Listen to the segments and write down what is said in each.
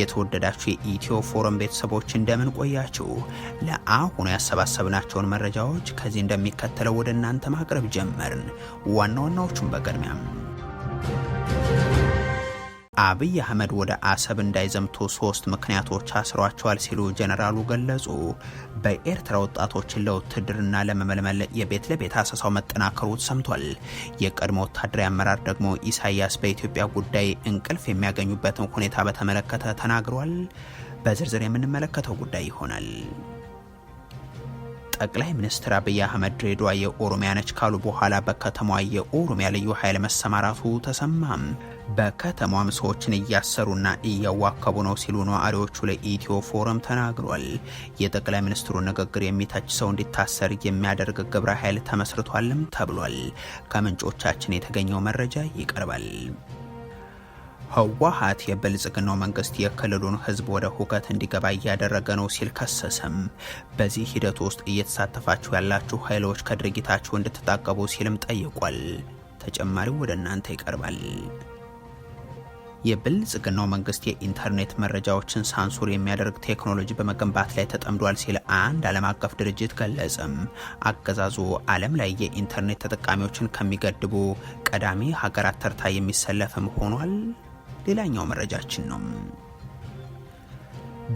የተወደዳችሁ የኢትዮ ፎረም ቤተሰቦች እንደምን ቆያችሁ? ለአሁኑ ያሰባሰብናቸውን መረጃዎች ከዚህ እንደሚከተለው ወደ እናንተ ማቅረብ ጀመርን። ዋና ዋናዎቹን በቅድሚያም አብይ አህመድ ወደ አሰብ እንዳይዘምቱ ሶስት ምክንያቶች አስሯቸዋል ሲሉ ጀነራሉ ገለጹ። በኤርትራ ወጣቶችን ለውትድርና ለመመልመል የቤት ለቤት አሰሳው መጠናከሩ ሰምቷል። የቀድሞ ወታደራዊ አመራር ደግሞ ኢሳያስ በኢትዮጵያ ጉዳይ እንቅልፍ የሚያገኙበትን ሁኔታ በተመለከተ ተናግሯል። በዝርዝር የምንመለከተው ጉዳይ ይሆናል። ጠቅላይ ሚኒስትር አብይ አህመድ ድሬዳዋ የኦሮሚያ ነች ካሉ በኋላ በከተማዋ የኦሮሚያ ልዩ ኃይል መሰማራቱ ተሰማም። በከተማም ሰዎችን እያሰሩና እያዋከቡ ነው ሲሉ ነዋሪዎቹ ለኢትዮ ፎረም ተናግሯል። የጠቅላይ ሚኒስትሩ ንግግር የሚታች ሰው እንዲታሰር የሚያደርግ ግብረ ኃይል ተመስርቷልም ተብሏል። ከምንጮቻችን የተገኘው መረጃ ይቀርባል። ህወሓት የብልጽግናው መንግስት የክልሉን ህዝብ ወደ ሁከት እንዲገባ እያደረገ ነው ሲል ከሰሰም። በዚህ ሂደት ውስጥ እየተሳተፋችሁ ያላችሁ ኃይሎች ከድርጊታችሁ እንድትታቀቡ ሲልም ጠይቋል። ተጨማሪው ወደ እናንተ ይቀርባል። የብልጽግናው መንግስት የኢንተርኔት መረጃዎችን ሳንሱር የሚያደርግ ቴክኖሎጂ በመገንባት ላይ ተጠምዷል ሲል አንድ ዓለም አቀፍ ድርጅት ገለጽም። አገዛዙ ዓለም ላይ የኢንተርኔት ተጠቃሚዎችን ከሚገድቡ ቀዳሚ ሀገራት ተርታ የሚሰለፍም ሆኗል። ሌላኛው መረጃችን ነው።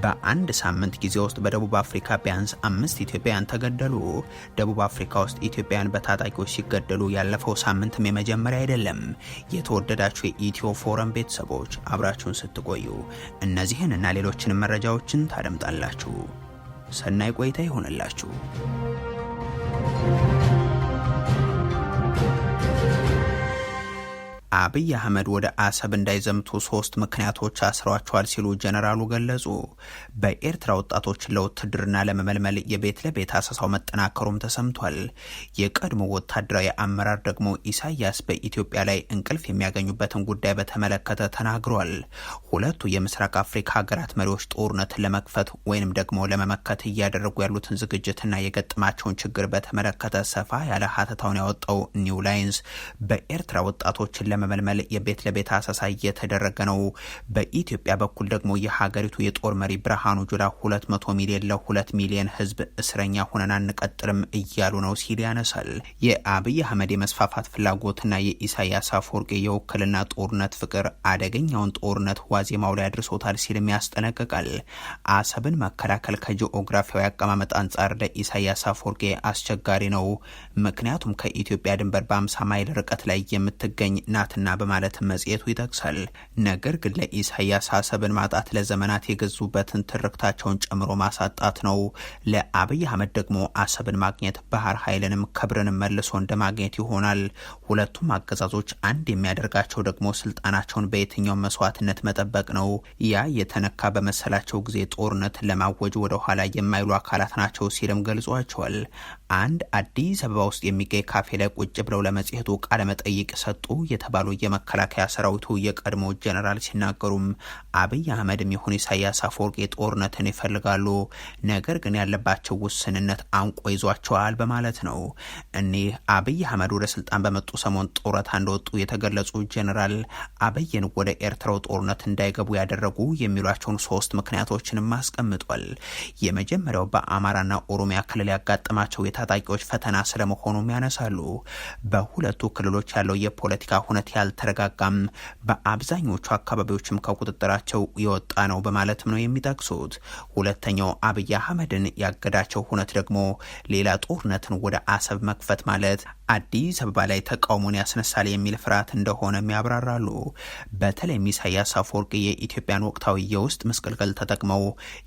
በአንድ ሳምንት ጊዜ ውስጥ በደቡብ አፍሪካ ቢያንስ አምስት ኢትዮጵያውያን ተገደሉ። ደቡብ አፍሪካ ውስጥ ኢትዮጵያውያን በታጣቂዎች ሲገደሉ ያለፈው ሳምንትም የመጀመሪያ አይደለም። የተወደዳችሁ የኢትዮ ፎረም ቤተሰቦች አብራችሁን ስትቆዩ እነዚህን እና ሌሎችንም መረጃዎችን ታደምጣላችሁ። ሰናይ ቆይታ ይሆንላችሁ። አብይ አህመድ ወደ አሰብ እንዳይዘምቱ ሶስት ምክንያቶች አስረዋቸዋል ሲሉ ጀነራሉ ገለጹ። በኤርትራ ወጣቶችን ለውትድርና ለመመልመል የቤት ለቤት አሰሳው መጠናከሩም ተሰምቷል። የቀድሞ ወታደራዊ አመራር ደግሞ ኢሳያስ በኢትዮጵያ ላይ እንቅልፍ የሚያገኙበትን ጉዳይ በተመለከተ ተናግሯል። ሁለቱ የምስራቅ አፍሪካ ሀገራት መሪዎች ጦርነትን ለመክፈት ወይንም ደግሞ ለመመከት እያደረጉ ያሉትን ዝግጅትና የገጠማቸውን ችግር በተመለከተ ሰፋ ያለ ሀተታውን ያወጣው ኒው ላይንስ በኤርትራ ወጣቶችን ለመመልመል የቤት ለቤት አሰሳ እየተደረገ ነው። በኢትዮጵያ በኩል ደግሞ የሀገሪቱ የጦር መሪ ብርሃኑ ጁላ 200 መቶ ሚሊዮን ለሁለት ሚሊዮን ህዝብ እስረኛ ሆነን አንቀጥርም እያሉ ነው ሲል ያነሳል። የአብይ አህመድ የመስፋፋት ፍላጎትና የኢሳያስ አፈወርቂ የውክልና ጦርነት ፍቅር አደገኛውን ጦርነት ዋዜማው ላይ አድርሶታል ሲልም ያስጠነቅቃል። አሰብን መከላከል ከጂኦግራፊያዊ አቀማመጥ አንጻር ለኢሳያስ አፈወርቂ አስቸጋሪ ነው። ምክንያቱም ከኢትዮጵያ ድንበር በአምሳ ማይል ርቀት ላይ የምትገኝ ናት ናትና በማለትም መጽሔቱ ይጠቅሳል። ነገር ግን ለኢሳያስ አሰብን ማጣት ለዘመናት የገዙበትን ትርክታቸውን ጨምሮ ማሳጣት ነው። ለአብይ አህመድ ደግሞ አሰብን ማግኘት ባህር ኃይልንም ክብርንም መልሶ እንደማግኘት ይሆናል። ሁለቱም አገዛዞች አንድ የሚያደርጋቸው ደግሞ ስልጣናቸውን በየትኛው መስዋዕትነት መጠበቅ ነው። ያ የተነካ በመሰላቸው ጊዜ ጦርነት ለማወጅ ወደኋላ የማይሉ አካላት ናቸው ሲልም ገልጿቸዋል። አንድ አዲስ አበባ ውስጥ የሚገኝ ካፌ ላይ ቁጭ ብለው ለመጽሔቱ ቃለመጠይቅ ሰጡ የተባሉ የመከላከያ ሰራዊቱ የቀድሞ ጀነራል ሲናገሩም አብይ አህመድም ይሁን ኢሳያስ አፈወርቂ ጦርነትን ይፈልጋሉ፣ ነገር ግን ያለባቸው ውስንነት አንቆ ይዟቸዋል በማለት ነው። እኒህ አብይ አህመድ ወደ ስልጣን በመጡ ሰሞን ጡረታ እንደወጡ የተገለጹ ጀነራል አብይን ወደ ኤርትራው ጦርነት እንዳይገቡ ያደረጉ የሚሏቸውን ሶስት ምክንያቶችንም አስቀምጧል። የመጀመሪያው በአማራና ኦሮሚያ ክልል ያጋጠማቸው ታጣቂዎች ፈተና ስለመሆኑም ያነሳሉ። በሁለቱ ክልሎች ያለው የፖለቲካ ሁነት ያልተረጋጋም፣ በአብዛኞቹ አካባቢዎችም ከቁጥጥራቸው የወጣ ነው በማለትም ነው የሚጠቅሱት። ሁለተኛው አብይ አህመድን ያገዳቸው ሁነት ደግሞ ሌላ ጦርነትን ወደ አሰብ መክፈት ማለት አዲስ አበባ ላይ ተቃውሞን ያስነሳል የሚል ፍርሃት እንደሆነም ያብራራሉ። በተለይም ኢሳያስ አፈወርቂ የኢትዮጵያን ወቅታዊ የውስጥ መስቀልቀል ተጠቅመው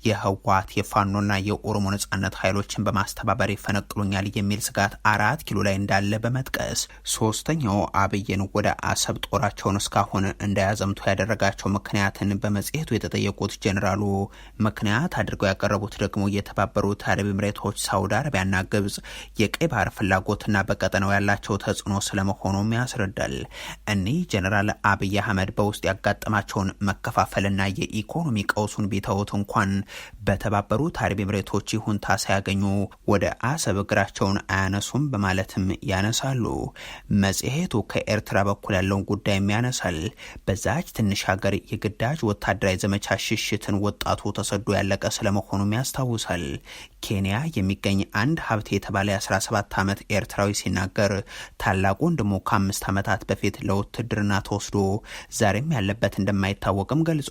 የህወሓት የፋኖና የኦሮሞ ነጻነት ኃይሎችን በማስተባበር ይፈነቅሉኛል የሚል ስጋት አራት ኪሎ ላይ እንዳለ በመጥቀስ ሶስተኛው አብይን ወደ አሰብ ጦራቸውን እስካሁን እንዳያዘምቱ ያደረጋቸው ምክንያትን በመጽሔቱ የተጠየቁት ጀኔራሉ ምክንያት አድርገው ያቀረቡት ደግሞ የተባበሩት አረብ ኤምሬቶች፣ ሳውዲ አረቢያና ግብጽ የቀይ ባህር ፍላጎትና በቀጠናው ያላቸው ተጽዕኖ ስለመሆኑም ያስረዳል። እኒህ ጀኔራል አብይ አህመድ በውስጥ ያጋጠማቸውን መከፋፈልና የኢኮኖሚ ቀውሱን ቢተውት እንኳን በተባበሩት አረብ ኤምሬቶች ይሁንታ ሳያገኙ ወደ አሰብ እግራቸውን አያነሱም በማለትም ያነሳሉ። መጽሔቱ ከኤርትራ በኩል ያለውን ጉዳይም ያነሳል። በዛች ትንሽ ሀገር የግዳጅ ወታደራዊ ዘመቻ ሽሽትን ወጣቱ ተሰዶ ያለቀ ስለመሆኑም ያስታውሳል። ኬንያ የሚገኝ አንድ ሀብቴ የተባለ የ17 ዓመት ኤርትራዊ ሲናገር ነበር። ታላቁ ወንድሙ ከአምስት ዓመታት በፊት ለውትድርና ተወስዶ ዛሬም ያለበት እንደማይታወቅም ገልጾ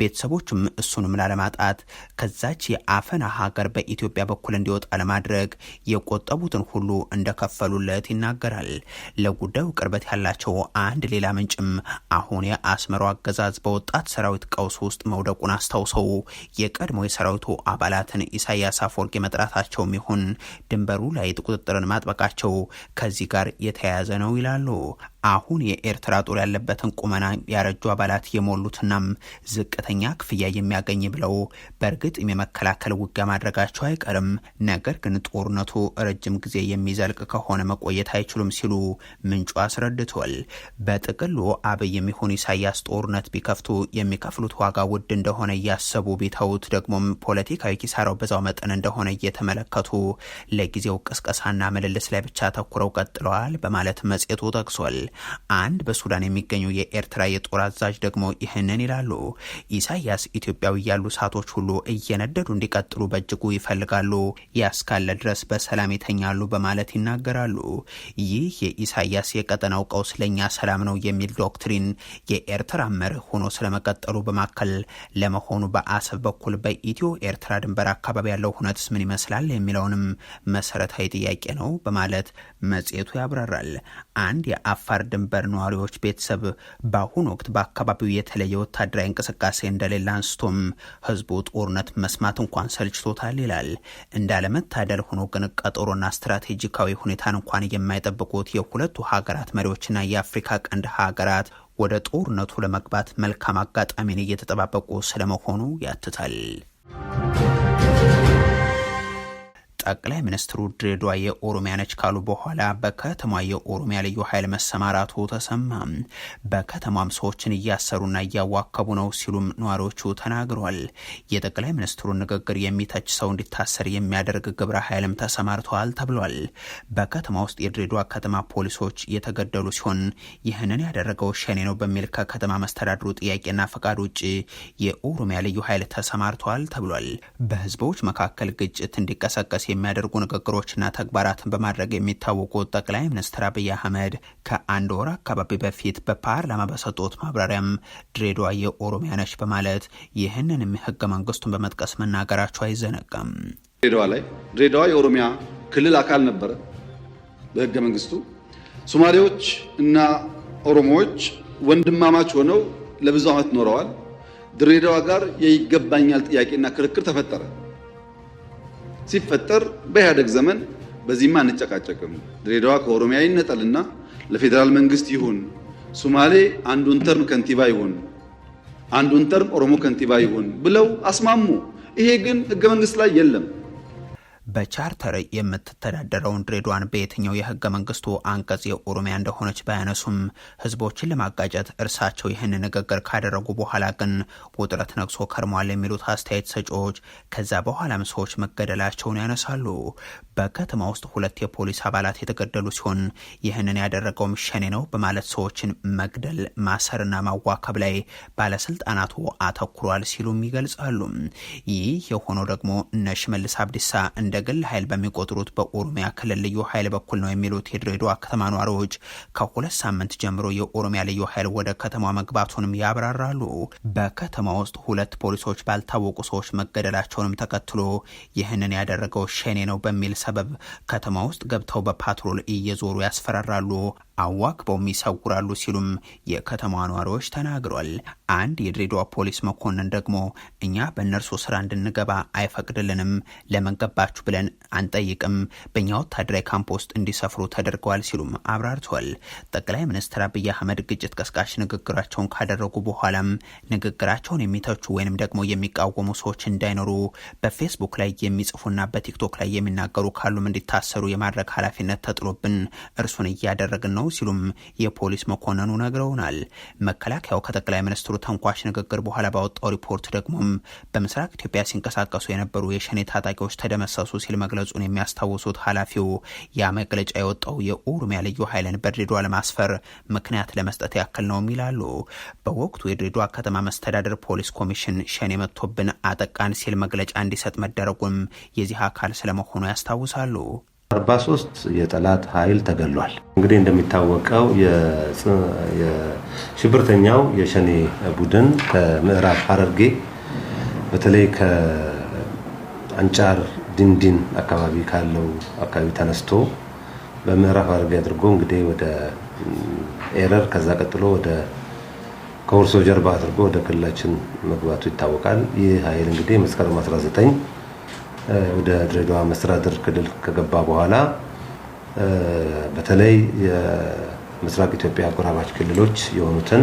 ቤተሰቦቹም እሱንም ላለማጣት ከዛች የአፈና ሀገር በኢትዮጵያ በኩል እንዲወጣ ለማድረግ የቆጠቡትን ሁሉ እንደከፈሉለት ይናገራል። ለጉዳዩ ቅርበት ያላቸው አንድ ሌላ ምንጭም አሁን የአስመራው አገዛዝ በወጣት ሰራዊት ቀውስ ውስጥ መውደቁን አስታውሰው የቀድሞ የሰራዊቱ አባላትን ኢሳያስ አፈወርቂ መጥራታቸውም ይሁን ድንበሩ ላይ ቁጥጥርን ማጥበቃቸው ከዚህ ጋር የተያያዘ ነው ይላሉ። አሁን የኤርትራ ጦር ያለበትን ቁመና ያረጁ አባላት የሞሉትናም ዝቅተኛ ክፍያ የሚያገኝ ብለው በእርግጥም የመከላከል ውጊያ ማድረጋቸው አይቀርም፣ ነገር ግን ጦርነቱ ረጅም ጊዜ የሚዘልቅ ከሆነ መቆየት አይችሉም ሲሉ ምንጩ አስረድቷል። በጥቅሉ አብይ የሚሆን ኢሳያስ ጦርነት ቢከፍቱ የሚከፍሉት ዋጋ ውድ እንደሆነ እያሰቡ ቢተውት ደግሞም ፖለቲካዊ ኪሳራው በዛው መጠን እንደሆነ እየተመለከቱ ለጊዜው ቅስቀሳና ምልልስ ላይ ብቻ ተኩረው ቀጥለዋል በማለት መጽሔቱ ጠቅሷል። አንድ በሱዳን የሚገኙ የኤርትራ የጦር አዛዥ ደግሞ ይህንን ይላሉ። ኢሳያስ ኢትዮጵያዊ ያሉ እሳቶች ሁሉ እየነደዱ እንዲቀጥሉ በእጅጉ ይፈልጋሉ። ያስካለ ድረስ በሰላም ይተኛሉ በማለት ይናገራሉ። ይህ የኢሳያስ የቀጠናው ቀውስ ለእኛ ሰላም ነው የሚል ዶክትሪን የኤርትራ መርህ ሆኖ ስለመቀጠሉ በማከል ለመሆኑ በአሰብ በኩል በኢትዮ ኤርትራ ድንበር አካባቢ ያለው ሁነትስ ምን ይመስላል የሚለውንም መሰረታዊ ጥያቄ ነው በማለት መጽሔቱ ያብራራል። አንድ የአፋር የባህር ድንበር ነዋሪዎች ቤተሰብ በአሁኑ ወቅት በአካባቢው የተለየ ወታደራዊ እንቅስቃሴ እንደሌለ አንስቶም ህዝቡ ጦርነት መስማት እንኳን ሰልችቶታል ይላል። እንዳለመታደል ሆኖ ግን ቀጠሮና ስትራቴጂካዊ ሁኔታን እንኳን የማይጠብቁት የሁለቱ ሀገራት መሪዎችና የአፍሪካ ቀንድ ሀገራት ወደ ጦርነቱ ለመግባት መልካም አጋጣሚን እየተጠባበቁ ስለመሆኑ ያትታል። ጠቅላይ ሚኒስትሩ ድሬዳዋ የኦሮሚያ ነች ካሉ በኋላ በከተማ የኦሮሚያ ልዩ ኃይል መሰማራቱ ተሰማ። በከተማም ሰዎችን እያሰሩና እያዋከቡ ነው ሲሉም ነዋሪዎቹ ተናግረዋል። የጠቅላይ ሚኒስትሩ ንግግር የሚተች ሰው እንዲታሰር የሚያደርግ ግብረ ኃይልም ተሰማርተዋል ተብሏል። በከተማ ውስጥ የድሬዳዋ ከተማ ፖሊሶች የተገደሉ ሲሆን ይህንን ያደረገው ሸኔ ነው በሚል ከከተማ መስተዳድሩ ጥያቄና ፈቃድ ውጭ የኦሮሚያ ልዩ ኃይል ተሰማርተዋል ተብሏል። በህዝቦች መካከል ግጭት እንዲቀሰቀስ የሚያደርጉ ንግግሮችና ተግባራትን በማድረግ የሚታወቁት ጠቅላይ ሚኒስትር አብይ አህመድ ከአንድ ወር አካባቢ በፊት በፓርላማ በሰጡት ማብራሪያም ድሬዳዋ የኦሮሚያ ነች በማለት ይህንንም ህገ መንግስቱን በመጥቀስ መናገራቸው አይዘነጋም። ድሬዳዋ ላይ ድሬዳዋ የኦሮሚያ ክልል አካል ነበረ በህገ መንግስቱ። ሶማሌዎች እና ኦሮሞዎች ወንድማማች ሆነው ለብዙ ዓመት ኖረዋል። ድሬዳዋ ጋር የይገባኛል ጥያቄና ክርክር ተፈጠረ። ሲፈጠር በኢህአደግ ዘመን በዚህማ አንጨቃጨቅም፣ ድሬዳዋ ከኦሮሚያ ይነጠልና ለፌዴራል መንግስት ይሁን፣ ሱማሌ አንዱን ተርም ከንቲባ ይሁን፣ አንዱን ተርም ኦሮሞ ከንቲባ ይሁን ብለው አስማሙ። ይሄ ግን ህገ መንግስት ላይ የለም። በቻርተር የምትተዳደረውን ድሬዷን በየትኛው የህገ መንግስቱ አንቀጽ የኦሮሚያ እንደሆነች ባያነሱም ህዝቦችን ለማጋጨት እርሳቸው ይህን ንግግር ካደረጉ በኋላ ግን ውጥረት ነግሶ ከርሟል የሚሉት አስተያየት ሰጪዎች ከዛ በኋላም ሰዎች መገደላቸውን ያነሳሉ። በከተማ ውስጥ ሁለት የፖሊስ አባላት የተገደሉ ሲሆን ይህንን ያደረገውም ሸኔ ነው በማለት ሰዎችን መግደል ማሰርና ማዋከብ ላይ ባለስልጣናቱ አተኩሯል ሲሉም ይገልጻሉ። ይህ የሆነው ደግሞ እነ ሽመልስ አብዲሳ እንደ ግል ኃይል በሚቆጥሩት በኦሮሚያ ክልል ልዩ ኃይል በኩል ነው የሚሉት የድሬዳዋ ከተማ ኗሪዎች ከሁለት ሳምንት ጀምሮ የኦሮሚያ ልዩ ኃይል ወደ ከተማ መግባቱንም ያብራራሉ። በከተማ ውስጥ ሁለት ፖሊሶች ባልታወቁ ሰዎች መገደላቸውንም ተከትሎ ይህንን ያደረገው ሸኔ ነው በሚል ሰበብ ከተማ ውስጥ ገብተው በፓትሮል እየዞሩ ያስፈራራሉ። አዋክበውም ይሰውራሉ ሲሉም የከተማ ነዋሪዎች ተናግሯል። አንድ የድሬዳዋ ፖሊስ መኮንን ደግሞ እኛ በእነርሱ ስራ እንድንገባ አይፈቅድልንም፣ ለመንገባችሁ ብለን አንጠይቅም፣ በእኛ ወታደራዊ ካምፕ ውስጥ እንዲሰፍሩ ተደርገዋል ሲሉም አብራርተዋል። ጠቅላይ ሚኒስትር አብይ አህመድ ግጭት ቀስቃሽ ንግግራቸውን ካደረጉ በኋላም ንግግራቸውን የሚተቹ ወይንም ደግሞ የሚቃወሙ ሰዎች እንዳይኖሩ በፌስቡክ ላይ የሚጽፉና በቲክቶክ ላይ የሚናገሩ ካሉም እንዲታሰሩ የማድረግ ኃላፊነት ተጥሎብን እርሱን እያደረግን ነው ነው ሲሉም የፖሊስ መኮንኑ ነግረውናል። መከላከያው ከጠቅላይ ሚኒስትሩ ተንኳሽ ንግግር በኋላ ባወጣው ሪፖርት ደግሞም በምስራቅ ኢትዮጵያ ሲንቀሳቀሱ የነበሩ የሸኔ ታጣቂዎች ተደመሰሱ ሲል መግለጹን የሚያስታውሱት ኃላፊው ያ መግለጫ የወጣው የኦሮሚያ ልዩ ኃይልን በድሬዳዋ ለማስፈር ምክንያት ለመስጠት ያክል ነውም ይላሉ። በወቅቱ የድሬዳዋ ከተማ መስተዳደር ፖሊስ ኮሚሽን ሸኔ መጥቶብን አጠቃን ሲል መግለጫ እንዲሰጥ መደረጉም የዚህ አካል ስለመሆኑ ያስታውሳሉ። 43 የጠላት ኃይል ተገሏል። እንግዲህ እንደሚታወቀው የሽብርተኛው የሸኔ ቡድን ከምዕራብ ሐረርጌ በተለይ ከአንጫር ድንዲን አካባቢ ካለው አካባቢ ተነስቶ በምዕራብ ሐረርጌ አድርጎ እንግዲህ ወደ ኤረር ከዛ ቀጥሎ ወደ ከሁርሶ ጀርባ አድርጎ ወደ ክልላችን መግባቱ ይታወቃል። ይህ ኃይል እንግዲህ መስከረም 19 ወደ ድሬዳዋ መስተዳድር ክልል ከገባ በኋላ በተለይ የምስራቅ ኢትዮጵያ አጎራባች ክልሎች የሆኑትን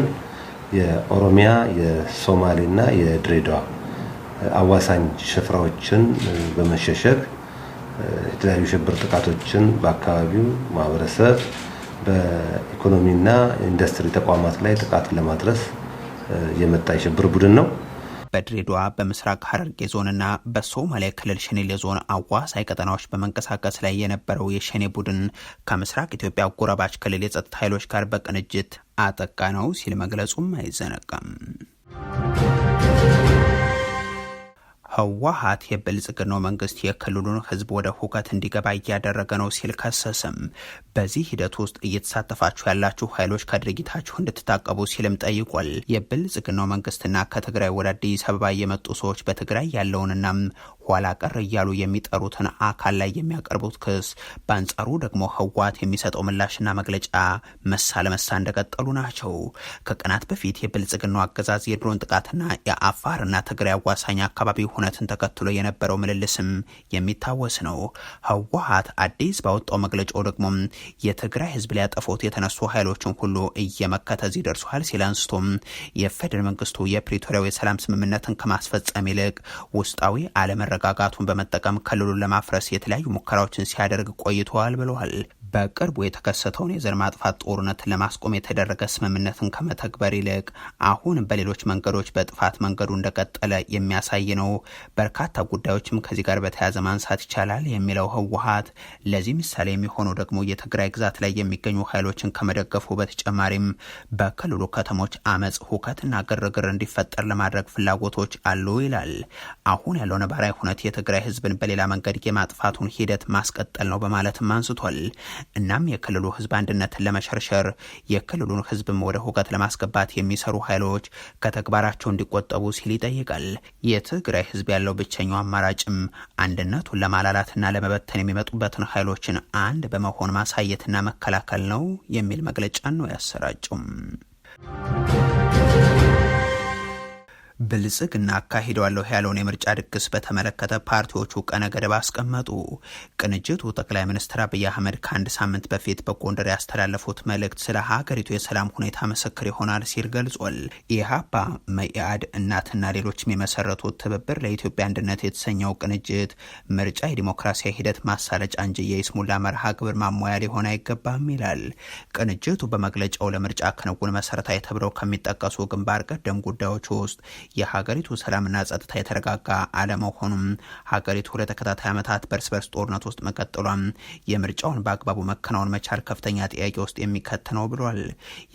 የኦሮሚያ የሶማሌና የድሬዳዋ አዋሳኝ ሽፍራዎችን በመሸሸግ የተለያዩ ሽብር ጥቃቶችን በአካባቢው ማህበረሰብ በኢኮኖሚና ኢንዱስትሪ ተቋማት ላይ ጥቃት ለማድረስ የመጣ የሽብር ቡድን ነው። በድሬዳዋ በምስራቅ ሐረርጌ ዞንና በሶማሊያ ክልል ሸኔሌ ዞን አዋሳኝ ቀጠናዎች በመንቀሳቀስ ላይ የነበረው የሸኔ ቡድን ከምስራቅ ኢትዮጵያ ጎረባች ክልል የጸጥታ ኃይሎች ጋር በቅንጅት አጠቃ ነው ሲል መግለጹም አይዘነጋም። ህወሀት የብልጽግናው መንግስት የክልሉን ህዝብ ወደ ሁከት እንዲገባ እያደረገ ነው ሲል ከሰስም በዚህ ሂደት ውስጥ እየተሳተፋችሁ ያላችሁ ኃይሎች ከድርጊታችሁ እንድትታቀቡ ሲልም ጠይቋል። የብልጽግናው መንግስትና ከትግራይ ወደ አዲስ አበባ የመጡ ሰዎች በትግራይ ያለውንና ኋላ ቀር እያሉ የሚጠሩትን አካል ላይ የሚያቀርቡት ክስ፣ በአንጻሩ ደግሞ ህወሀት የሚሰጠው ምላሽና መግለጫ መሳ ለመሳ እንደቀጠሉ ናቸው። ከቀናት በፊት የብልጽግናው አገዛዝ የድሮን ጥቃትና የአፋርና ትግራይ አዋሳኝ አካባቢ ሆነ እውነትን ተከትሎ የነበረው ምልልስም የሚታወስ ነው። ህወሓት አዲስ ባወጣው መግለጫው ደግሞ የትግራይ ህዝብ ሊያጠፉት የተነሱ ኃይሎችን ሁሉ እየመከተ እዚህ ደርሷል ሲል አንስቶም የፌደራል መንግስቱ የፕሪቶሪያው የሰላም ስምምነትን ከማስፈጸም ይልቅ ውስጣዊ አለመረጋጋቱን በመጠቀም ክልሉን ለማፍረስ የተለያዩ ሙከራዎችን ሲያደርግ ቆይተዋል ብለዋል። በቅርቡ የተከሰተውን የዘር ማጥፋት ጦርነት ለማስቆም የተደረገ ስምምነትን ከመተግበር ይልቅ አሁን በሌሎች መንገዶች በጥፋት መንገዱ እንደቀጠለ የሚያሳይ ነው። በርካታ ጉዳዮችም ከዚህ ጋር በተያያዘ ማንሳት ይቻላል የሚለው ህወሀት ለዚህ ምሳሌ የሚሆነው ደግሞ የትግራይ ግዛት ላይ የሚገኙ ኃይሎችን ከመደገፉ በተጨማሪም በክልሉ ከተሞች አመፅ፣ ሁከትና ግርግር እንዲፈጠር ለማድረግ ፍላጎቶች አሉ ይላል። አሁን ያለው ነባራዊ ሁነት የትግራይ ህዝብን በሌላ መንገድ የማጥፋቱን ሂደት ማስቀጠል ነው በማለትም አንስቷል። እናም የክልሉ ህዝብ አንድነትን ለመሸርሸር የክልሉን ህዝብም ወደ ሁከት ለማስገባት የሚሰሩ ኃይሎች ከተግባራቸው እንዲቆጠቡ ሲል ይጠይቃል። የትግራይ ህዝብ ያለው ብቸኛው አማራጭም አንድነቱን ለማላላትና ለመበተን የሚመጡበትን ኃይሎችን አንድ በመሆን ማሳየትና መከላከል ነው የሚል መግለጫ ነው ያሰራጩም። ብልጽግና አካሂደዋለሁ ያለውን የምርጫ ድግስ በተመለከተ ፓርቲዎቹ ቀነ ገደብ አስቀመጡ። ቅንጅቱ ጠቅላይ ሚኒስትር አብይ አህመድ ከአንድ ሳምንት በፊት በጎንደር ያስተላለፉት መልእክት ስለ ሀገሪቱ የሰላም ሁኔታ ምስክር ይሆናል ሲል ገልጿል። ኢህአፓ፣ መኢአድ፣ እናትና ሌሎችም የመሰረቱት ትብብር ለኢትዮጵያ አንድነት የተሰኘው ቅንጅት ምርጫ የዲሞክራሲያዊ ሂደት ማሳለጫ እንጂ የይስሙላ መርሃ ግብር ማሟያ ሊሆን አይገባም ይላል። ቅንጅቱ በመግለጫው ለምርጫ ክንውን መሰረታዊ ተብለው ከሚጠቀሱ ግንባር ቀደም ጉዳዮች ውስጥ የሀገሪቱ ሰላምና ጸጥታ የተረጋጋ አለመሆኑም ሀገሪቱ ለተከታታይ ዓመታት በርስ በርስ ጦርነት ውስጥ መቀጠሏም የምርጫውን በአግባቡ መከናወን መቻል ከፍተኛ ጥያቄ ውስጥ የሚከት ነው ብሏል።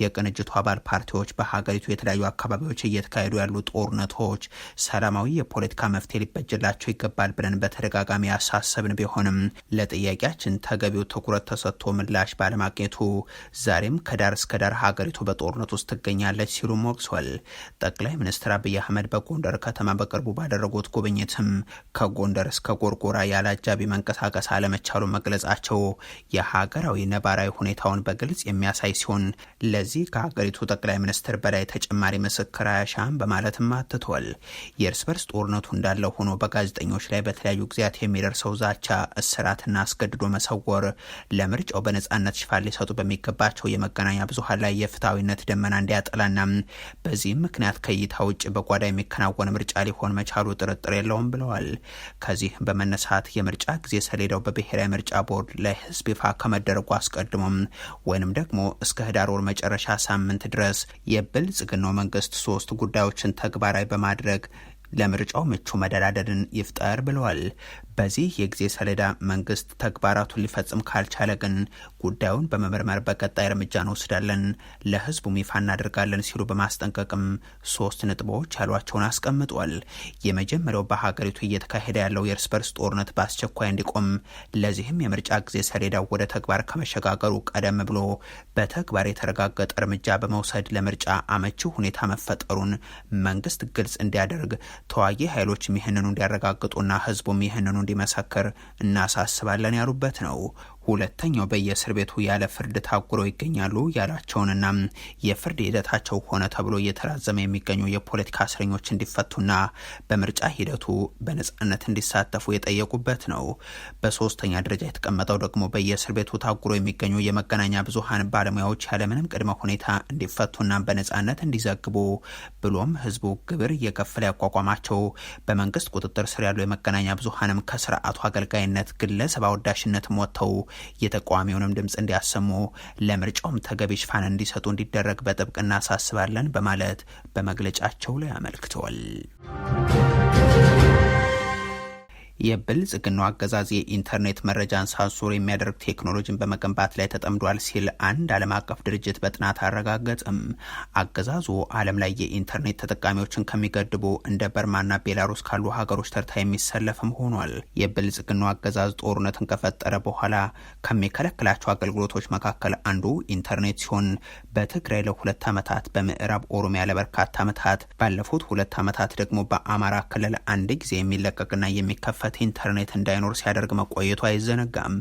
የቅንጅቱ አባል ፓርቲዎች በሀገሪቱ የተለያዩ አካባቢዎች እየተካሄዱ ያሉ ጦርነቶች ሰላማዊ የፖለቲካ መፍትሄ ሊበጅላቸው ይገባል ብለን በተደጋጋሚ ያሳሰብን ቢሆንም ለጥያቄያችን ተገቢው ትኩረት ተሰጥቶ ምላሽ ባለማግኘቱ ዛሬም ከዳር እስከ ዳር ሀገሪቱ በጦርነት ውስጥ ትገኛለች ሲሉም ወቅሷል። ጠቅላይ ሚኒስትር አብይ አህመድ በጎንደር ከተማ በቅርቡ ባደረጉት ጉብኝትም ከጎንደር እስከ ጎርጎራ ያለ አጃቢ መንቀሳቀስ አለመቻሉ መግለጻቸው የሀገራዊ ነባራዊ ሁኔታውን በግልጽ የሚያሳይ ሲሆን ለዚህ ከሀገሪቱ ጠቅላይ ሚኒስትር በላይ ተጨማሪ ምስክር አያሻም በማለትም አትቷል። የእርስ በርስ ጦርነቱ እንዳለ ሆኖ በጋዜጠኞች ላይ በተለያዩ ጊዜያት የሚደርሰው ዛቻ፣ እስራትና አስገድዶ መሰወር ለምርጫው በነጻነት ሽፋን ሊሰጡ በሚገባቸው የመገናኛ ብዙሀን ላይ የፍትሐዊነት ደመና እንዲያጠላና በዚህም ምክንያት ከእይታ ውጭ በጓዳ የሚከናወን ምርጫ ሊሆን መቻሉ ጥርጥር የለውም ብለዋል። ከዚህ በመነሳት የምርጫ ጊዜ ሰሌዳው በብሔራዊ ምርጫ ቦርድ ህዝብ ይፋ ከመደረጉ አስቀድሞም ወይንም ደግሞ እስከ ህዳር ወር መጨረሻ ሳምንት ድረስ የብልጽግናው መንግስት ሶስት ጉዳዮችን ተግባራዊ በማድረግ ለምርጫው ምቹ መደራደርን ይፍጠር ብለዋል። በዚህ የጊዜ ሰሌዳ መንግስት ተግባራቱን ሊፈጽም ካልቻለ ግን ጉዳዩን በመመርመር በቀጣይ እርምጃ እንወስዳለን፣ ለህዝቡም ይፋ እናደርጋለን ሲሉ በማስጠንቀቅም ሶስት ነጥቦች ያሏቸውን አስቀምጧል። የመጀመሪያው በሀገሪቱ እየተካሄደ ያለው የእርስ በርስ ጦርነት በአስቸኳይ እንዲቆም፣ ለዚህም የምርጫ ጊዜ ሰሌዳ ወደ ተግባር ከመሸጋገሩ ቀደም ብሎ በተግባር የተረጋገጠ እርምጃ በመውሰድ ለምርጫ አመቺ ሁኔታ መፈጠሩን መንግስት ግልጽ እንዲያደርግ ተዋጊ ኃይሎችም ይህንኑ እንዲያረጋግጡና ህዝቡም ይህንኑ እንዲመሰክር እናሳስባለን ያሉበት ነው። ሁለተኛው በየእስር ቤቱ ያለ ፍርድ ታጉረው ይገኛሉ ያላቸውንና የፍርድ ሂደታቸው ሆነ ተብሎ እየተራዘመ የሚገኙ የፖለቲካ እስረኞች እንዲፈቱና በምርጫ ሂደቱ በነጻነት እንዲሳተፉ የጠየቁበት ነው። በሶስተኛ ደረጃ የተቀመጠው ደግሞ በየእስር ቤቱ ታጉረው የሚገኙ የመገናኛ ብዙሃን ባለሙያዎች ያለምንም ቅድመ ሁኔታ እንዲፈቱና በነጻነት እንዲዘግቡ ብሎም ህዝቡ ግብር እየከፈለ ያቋቋማቸው በመንግስት ቁጥጥር ስር ያሉ የመገናኛ ብዙሃንም ከስርዓቱ አገልጋይነት ግለሰብ አወዳሽነትም ወጥተው የተቃዋሚውንም ድምፅ እንዲያሰሙ ለምርጫውም ተገቢ ሽፋን እንዲሰጡ እንዲደረግ በጥብቅ እናሳስባለን በማለት በመግለጫቸው ላይ አመልክተዋል። የብልጽግናው አገዛዝ የኢንተርኔት መረጃን ሳንሱር የሚያደርግ ቴክኖሎጂን በመገንባት ላይ ተጠምዷል ሲል አንድ ዓለም አቀፍ ድርጅት በጥናት አረጋገጥም። አገዛዙ ዓለም ላይ የኢንተርኔት ተጠቃሚዎችን ከሚገድቡ እንደ በርማና ቤላሩስ ካሉ ሀገሮች ተርታ የሚሰለፍም ሆኗል። የብልጽግናው አገዛዝ ጦርነትን ከፈጠረ በኋላ ከሚከለክላቸው አገልግሎቶች መካከል አንዱ ኢንተርኔት ሲሆን በትግራይ ለሁለት ዓመታት፣ በምዕራብ ኦሮሚያ ለበርካታ ዓመታት፣ ባለፉት ሁለት ዓመታት ደግሞ በአማራ ክልል አንድ ጊዜ የሚለቀቅና የሚከፈት በፍጥነት ኢንተርኔት እንዳይኖር ሲያደርግ መቆየቱ አይዘነጋም።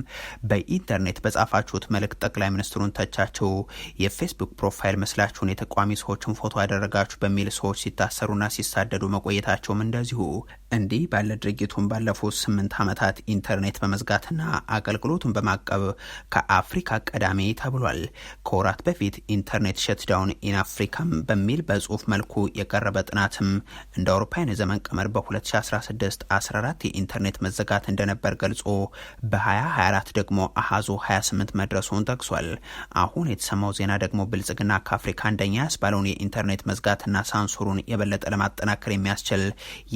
በኢንተርኔት በጻፋችሁት መልእክት ጠቅላይ ሚኒስትሩን ተቻቸው። የፌስቡክ ፕሮፋይል መስላችሁን የተቃዋሚ ሰዎችን ፎቶ ያደረጋችሁ በሚል ሰዎች ሲታሰሩና ሲሳደዱ መቆየታቸውም እንደዚሁ። እንዲህ ባለ ድርጊቱን ባለፉት ስምንት ዓመታት ኢንተርኔት በመዝጋትና አገልግሎቱን በማቀብ ከአፍሪካ ቀዳሚ ተብሏል። ከወራት በፊት ኢንተርኔት ሸትዳውን ኢን አፍሪካም በሚል በጽሁፍ መልኩ የቀረበ ጥናትም እንደ አውሮፓውያን የዘመን ቀመር በ2016 14 የኢንተርኔት ኢንተርኔት መዘጋት እንደነበር ገልጾ በ2024 ደግሞ አሃዞ 28 መድረሱን ጠቅሷል። አሁን የተሰማው ዜና ደግሞ ብልጽግና ከአፍሪካ አንደኛ ያስባለውን የኢንተርኔት መዝጋትና ሳንሱሩን የበለጠ ለማጠናከር የሚያስችል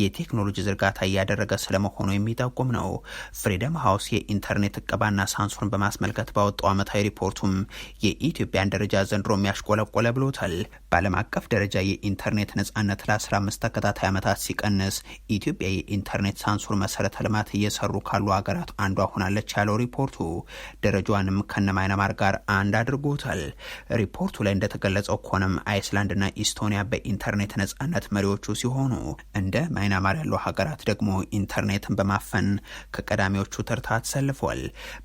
የቴክኖሎጂ ዝርጋታ እያደረገ ስለመሆኑ የሚጠቁም ነው። ፍሪደም ሀውስ የኢንተርኔት እቀባና ሳንሱርን በማስመልከት ባወጣው ዓመታዊ ሪፖርቱም የኢትዮጵያን ደረጃ ዘንድሮ የሚያሽቆለቆለ ብሎታል። በዓለም አቀፍ ደረጃ የኢንተርኔት ነጻነት ለ15 ተከታታይ ዓመታት ሲቀንስ ኢትዮጵያ የኢንተርኔት ሳንሱር መሰረት መሰረተ ልማት እየሰሩ ካሉ ሀገራት አንዷ ሆናለች ያለው ሪፖርቱ ደረጃዋንም ማይናማር ጋር አንድ አድርጎታል። ሪፖርቱ ላይ እንደተገለጸው ከሆነም አይስላንድና ኢስቶኒያ በኢንተርኔት ነጻነት መሪዎቹ ሲሆኑ እንደ ማይናማር ያሉ ሀገራት ደግሞ ኢንተርኔትን በማፈን ከቀዳሚዎቹ ተርታ ተሰልፏል።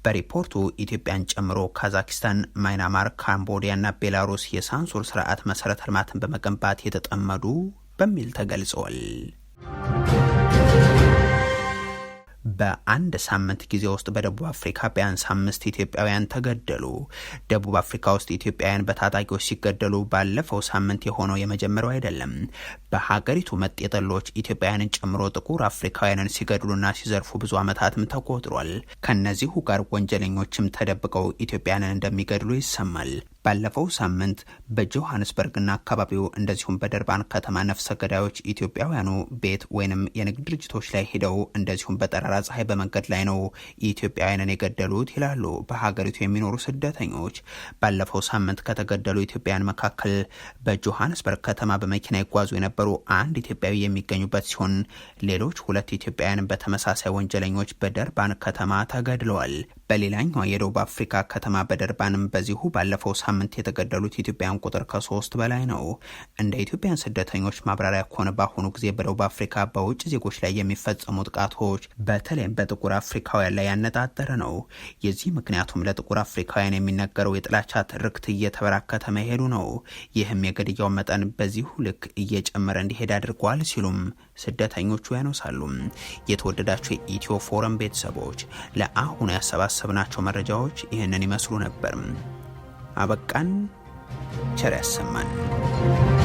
በሪፖርቱ ኢትዮጵያን ጨምሮ ካዛኪስታን፣ ማይናማር፣ ካምቦዲያና ቤላሩስ የሳንሱር ስርዓት መሰረተ ልማትን በመገንባት የተጠመዱ በሚል ተገልጿል። በአንድ ሳምንት ጊዜ ውስጥ በደቡብ አፍሪካ ቢያንስ አምስት ኢትዮጵያውያን ተገደሉ። ደቡብ አፍሪካ ውስጥ ኢትዮጵያውያን በታጣቂዎች ሲገደሉ ባለፈው ሳምንት የሆነው የመጀመሪያው አይደለም። በሀገሪቱ መጤ ጠሎች ኢትዮጵያውያንን ጨምሮ ጥቁር አፍሪካውያንን ሲገድሉና ሲዘርፉ ብዙ ዓመታትም ተቆጥሯል። ከእነዚሁ ጋር ወንጀለኞችም ተደብቀው ኢትዮጵያውያንን እንደሚገድሉ ይሰማል። ባለፈው ሳምንት በጆሃንስበርግና አካባቢው እንደዚሁም በደርባን ከተማ ነፍሰ ገዳዮች ኢትዮጵያውያኑ ቤት ወይንም የንግድ ድርጅቶች ላይ ሄደው እንደዚሁም በጠራራ ፀሐይ በመንገድ ላይ ነው ኢትዮጵያውያንን የገደሉት ይላሉ በሀገሪቱ የሚኖሩ ስደተኞች። ባለፈው ሳምንት ከተገደሉ ኢትዮጵያውያን መካከል በጆሃንስበርግ ከተማ በመኪና ይጓዙ የነበሩ አንድ ኢትዮጵያዊ የሚገኙበት ሲሆን ሌሎች ሁለት ኢትዮጵያውያን በተመሳሳይ ወንጀለኞች በደርባን ከተማ ተገድለዋል። በሌላኛው የደቡብ አፍሪካ ከተማ በደርባንም በዚሁ ባለፈው ሳምንት የተገደሉት ኢትዮጵያውያን ቁጥር ከሶስት በላይ ነው። እንደ ኢትዮጵያን ስደተኞች ማብራሪያ ከሆነ በአሁኑ ጊዜ በደቡብ አፍሪካ በውጭ ዜጎች ላይ የሚፈጸሙ ጥቃቶች በተለይም በጥቁር አፍሪካውያን ላይ ያነጣጠረ ነው። የዚህ ምክንያቱም ለጥቁር አፍሪካውያን የሚነገረው የጥላቻ ትርክት እየተበራከተ መሄዱ ነው። ይህም የግድያው መጠን በዚሁ ልክ እየጨመረ እንዲሄድ አድርጓል ሲሉም ስደተኞቹ ያነሳሉ። የተወደዳቸው የኢትዮ ፎረም ቤተሰቦች ለአሁኑ ያሰባ ያሰባሰብናቸው መረጃዎች ይህንን ይመስሉ ነበር። አበቃን። ቸር ያሰማን።